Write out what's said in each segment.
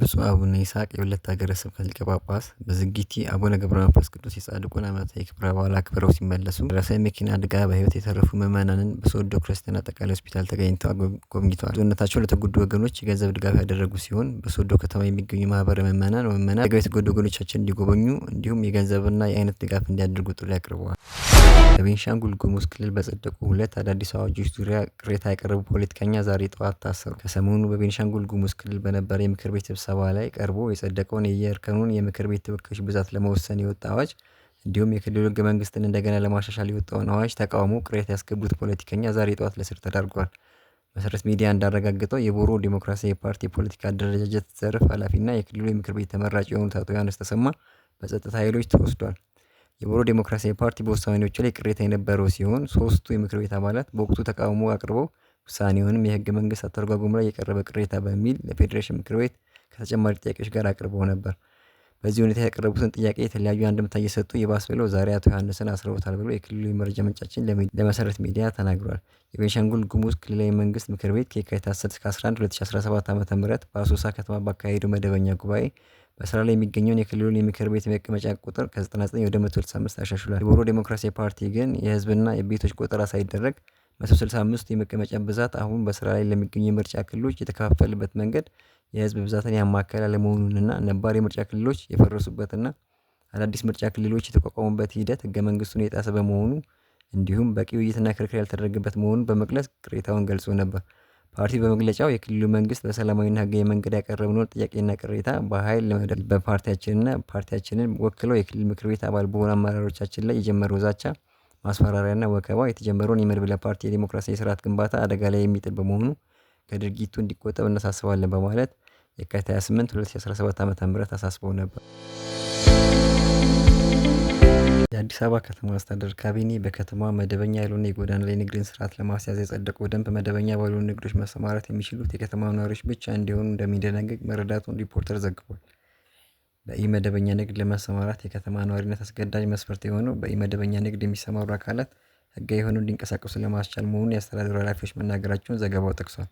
ብፁዕ አቡነ ይስሐቅ የሁለት ሀገረ ስብከት ሊቀ ጳጳስ በዝጊቲ አቡነ ገብረ መንፈስ ቅዱስ የጻድቁን ዓመታዊ ክብረ በዓል አክብረው ሲመለሱ ደረሰ የመኪና አደጋ በህይወት የተረፉ ምዕመናንን በሶዶ ክርስቲያን አጠቃላይ ሆስፒታል ተገኝተው ጎብኝተዋል። ሰውነታቸው ለተጎዱ ወገኖች የገንዘብ ድጋፍ ያደረጉ ሲሆን በሶዶ ከተማ የሚገኙ ማህበረ ምዕመናን ወመና አደጋው የተጎዱ ወገኖቻችን እንዲጎበኙ እንዲሁም የገንዘብና የአይነት ድጋፍ እንዲያደርጉ ጥሪ አቅርበዋል። በቤንሻንጉል ጉሙዝ ክልል በጸደቁ ሁለት አዳዲስ አዋጆች ዙሪያ ቅሬታ ያቀረቡ ፖለቲከኛ ዛሬ ጠዋት ታሰሩ። ከሰሞኑ በቤንሻንጉል ጉሙዝ ክልል በነበረ የምክር ቤት ስብሰባ ላይ ቀርቦ የጸደቀውን የየእርከኑን የምክር ቤት ተወካዮች ብዛት ለመወሰን የወጣ አዋጅ እንዲሁም የክልሉ ህገ መንግስትን እንደገና ለማሻሻል የወጣውን አዋጅ ተቃውሞ ቅሬታ ያስገቡት ፖለቲከኛ ዛሬ ጠዋት ለስር ተዳርጓል። መሰረት ሚዲያ እንዳረጋግጠው የቦሮ ዴሞክራሲያዊ ፓርቲ የፖለቲካ አደረጃጀት ዘርፍ ኃላፊና የክልሉ የምክር ቤት ተመራጭ የሆኑት አቶ ዮሐንስ ተሰማ በጸጥታ ኃይሎች ተወስዷል። የቦሮ ዴሞክራሲያዊ ፓርቲ በውሳኔዎቹ ላይ ቅሬታ የነበረው ሲሆን ሶስቱ የምክር ቤት አባላት በወቅቱ ተቃውሞ አቅርበው ውሳኔውንም የህገ መንግስት አተረጓጎም ላይ የቀረበ ቅሬታ በሚል ለፌዴሬሽን ምክር ቤት ከተጨማሪ ጥያቄዎች ጋር አቅርበው ነበር። በዚህ ሁኔታ ያቀረቡትን ጥያቄ የተለያዩ አንድምታ እየሰጡ ይባስ ብለው ዛሬ አቶ ዮሐንስን አስረውታል ብሎ የክልሉ የመረጃ ምንጫችን ለመሰረት ሚዲያ ተናግሯል። የቤንሻንጉል ጉሙዝ ክልላዊ መንግስት ምክር ቤት ከየካቲት 10 እስከ 11 2017 ም በአሶሳ ከተማ ባካሄደው መደበኛ ጉባኤ በስራ ላይ የሚገኘውን የክልሉን የምክር ቤት መቀመጫ ቁጥር ከ99 ወደ 165 አሻሽሏል። የቦሮ ዴሞክራሲያዊ ፓርቲ ግን የህዝብና የቤቶች ቆጠራ ሳይደረግ መቶ ስልሳ አምስት የመቀመጫ ብዛት አሁን በስራ ላይ ለሚገኙ የምርጫ ክልሎች የተከፋፈልበት መንገድ የህዝብ ብዛትን ያማከለ አለመሆኑንና ነባር የምርጫ ክልሎች የፈረሱበትና አዳዲስ ምርጫ ክልሎች የተቋቋሙበት ሂደት ህገ መንግስቱን የጣሰ በመሆኑ እንዲሁም በቂ ውይይትና ክርክር ያልተደረገበት መሆኑን በመግለጽ ቅሬታውን ገልጾ ነበር። ፓርቲው በመግለጫው የክልሉ መንግስት በሰላማዊና ህጋዊ መንገድ ያቀረብነውን ጥያቄና ቅሬታ በሃይል ለመደል በፓርቲያችንና ፓርቲያችንን ወክለው የክልል ምክር ቤት አባል በሆኑ አመራሮቻችን ላይ የጀመረው ዛቻ ማስፈራሪያና ወከባ የተጀመረውን የመድብለ ፓርቲ የዲሞክራሲያዊ ስርዓት ግንባታ አደጋ ላይ የሚጥል በመሆኑ ከድርጊቱ እንዲቆጠብ እናሳስባለን በማለት የካቲት 28 2017 ዓ ም አሳስበው ነበር። የአዲስ አበባ ከተማ አስተዳደር ካቢኔ በከተማ መደበኛ ያልሆነ የጎዳና ላይ ንግድን ስርዓት ለማስያዝ የጸደቀው ደንብ መደበኛ ባልሆኑ ንግዶች መሰማራት የሚችሉት የከተማ ነዋሪዎች ብቻ እንዲሆኑ እንደሚደነግግ መረዳቱን ሪፖርተር ዘግቧል። በኢ-መደበኛ ንግድ ለመሰማራት የከተማ ነዋሪነት አስገዳጅ መስፈርት የሆነው በኢ-መደበኛ ንግድ የሚሰማሩ አካላት ህጋዊ የሆኑ እንዲንቀሳቀሱ ለማስቻል መሆኑን የአስተዳደሩ ኃላፊዎች መናገራቸውን ዘገባው ጠቅሷል።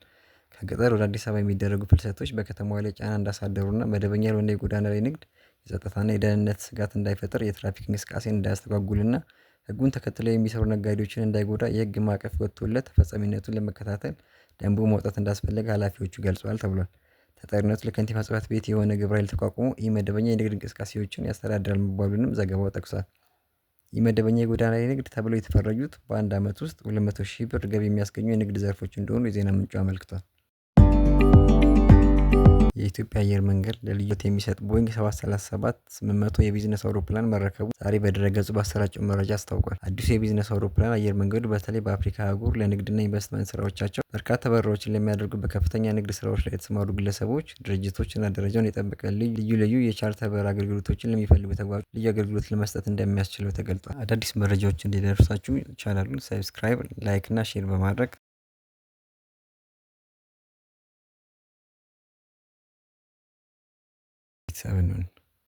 ከገጠር ወደ አዲስ አበባ የሚደረጉ ፍልሰቶች በከተማዋ ላይ ጫና እንዳሳደሩና መደበኛ ያልሆነ የጎዳና ላይ ንግድ የጸጥታና የደህንነት ስጋት እንዳይፈጥር፣ የትራፊክ እንቅስቃሴን እንዳያስተጓጉልና ህጉን ተከትለው የሚሰሩ ነጋዴዎችን እንዳይጎዳ የህግ ማዕቀፍ ወጥቶለት ተፈጻሚነቱን ለመከታተል ደንቡ መውጣት እንዳስፈለገ ኃላፊዎቹ ገልጸዋል ተብሏል። ተጠሪነቱ ለከንቲባ ጽህፈት ቤት የሆነ ግብረ ኃይል ተቋቁሞ ኢመደበኛ መደበኛ የንግድ እንቅስቃሴዎችን ያስተዳድራል መባሉንም ዘገባው ጠቅሷል ኢመደበኛ ኢ-መደበኛ የጎዳና ላይ ንግድ ተብለው የተፈረጁት በአንድ ዓመት ውስጥ ሁለት ሺህ ብር ገቢ የሚያስገኙ የንግድ ዘርፎች እንደሆኑ የዜና ምንጩ አመልክቷል የኢትዮጵያ አየር መንገድ ለልዩት የሚሰጥ ቦይንግ ሰባት ሰላሳ የቢዝነስ አውሮፕላን መረከቡ ዛሬ በድረገጹ ባሰራጨው መረጃ አስታውቋል። አዲሱ የቢዝነስ አውሮፕላን አየር መንገዱ በተለይ በአፍሪካ አህጉር ለንግድና ኢንቨስትመንት ስራዎቻቸው በርካታ በረራዎችን ለሚያደርጉ በከፍተኛ ንግድ ስራዎች ላይ የተሰማሩ ግለሰቦች፣ ድርጅቶች እና ደረጃውን የጠበቀ ልዩ ልዩ የቻርተር በረራ አገልግሎቶችን ለሚፈልጉ ተጓዦች ልዩ አገልግሎት ለመስጠት እንደሚያስችለው ተገልጧል። አዳዲስ መረጃዎች እንዲደርሳችሁ ቻናሉን ሰብስክራይብ፣ ላይክ እና ሼር በማድረግ seven one.